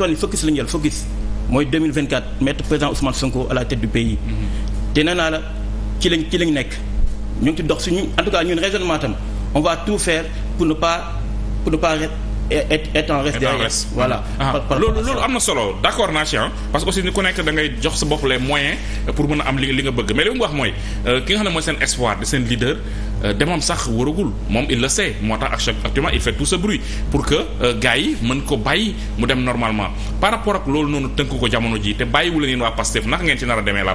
toll ni focus la ñu jël focus mooy 2024 mettre président Ousmane Sonko à la tête pays. Mhm. te nee la ci lañ ci lañ nekk ñu ngi dox suñu en tout cas ñun raisonnement tam on va tout faire pour ne pas pour ne pas étant reste derrière voilà ah. loolu loolu am na solo d'accord naa ah. parce que aussi ni ku nekk da jox sa bopp les euh, pour mën a am li li nga bëgg mais li mu wax mooy euh, ki nga xam ne mooy seen espoir de seen leader euh, demam sax waragul moom il le sait moo tax actuellement il fait tout ce bruit pour que gars mën ko bàyyi mu dem normalement par rapport ak loolu noonu tënk ko jamono ji te bàyyiwu leen yéen waa Pastef naka ngeen ci nar demee laa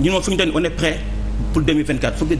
ñun moom fi ñu doon on est prêt pour 2024.